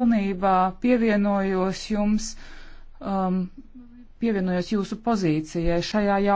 pilnībā pievienojos jums, um, pievienojos jūsu pozīcijai šajā jautājumā.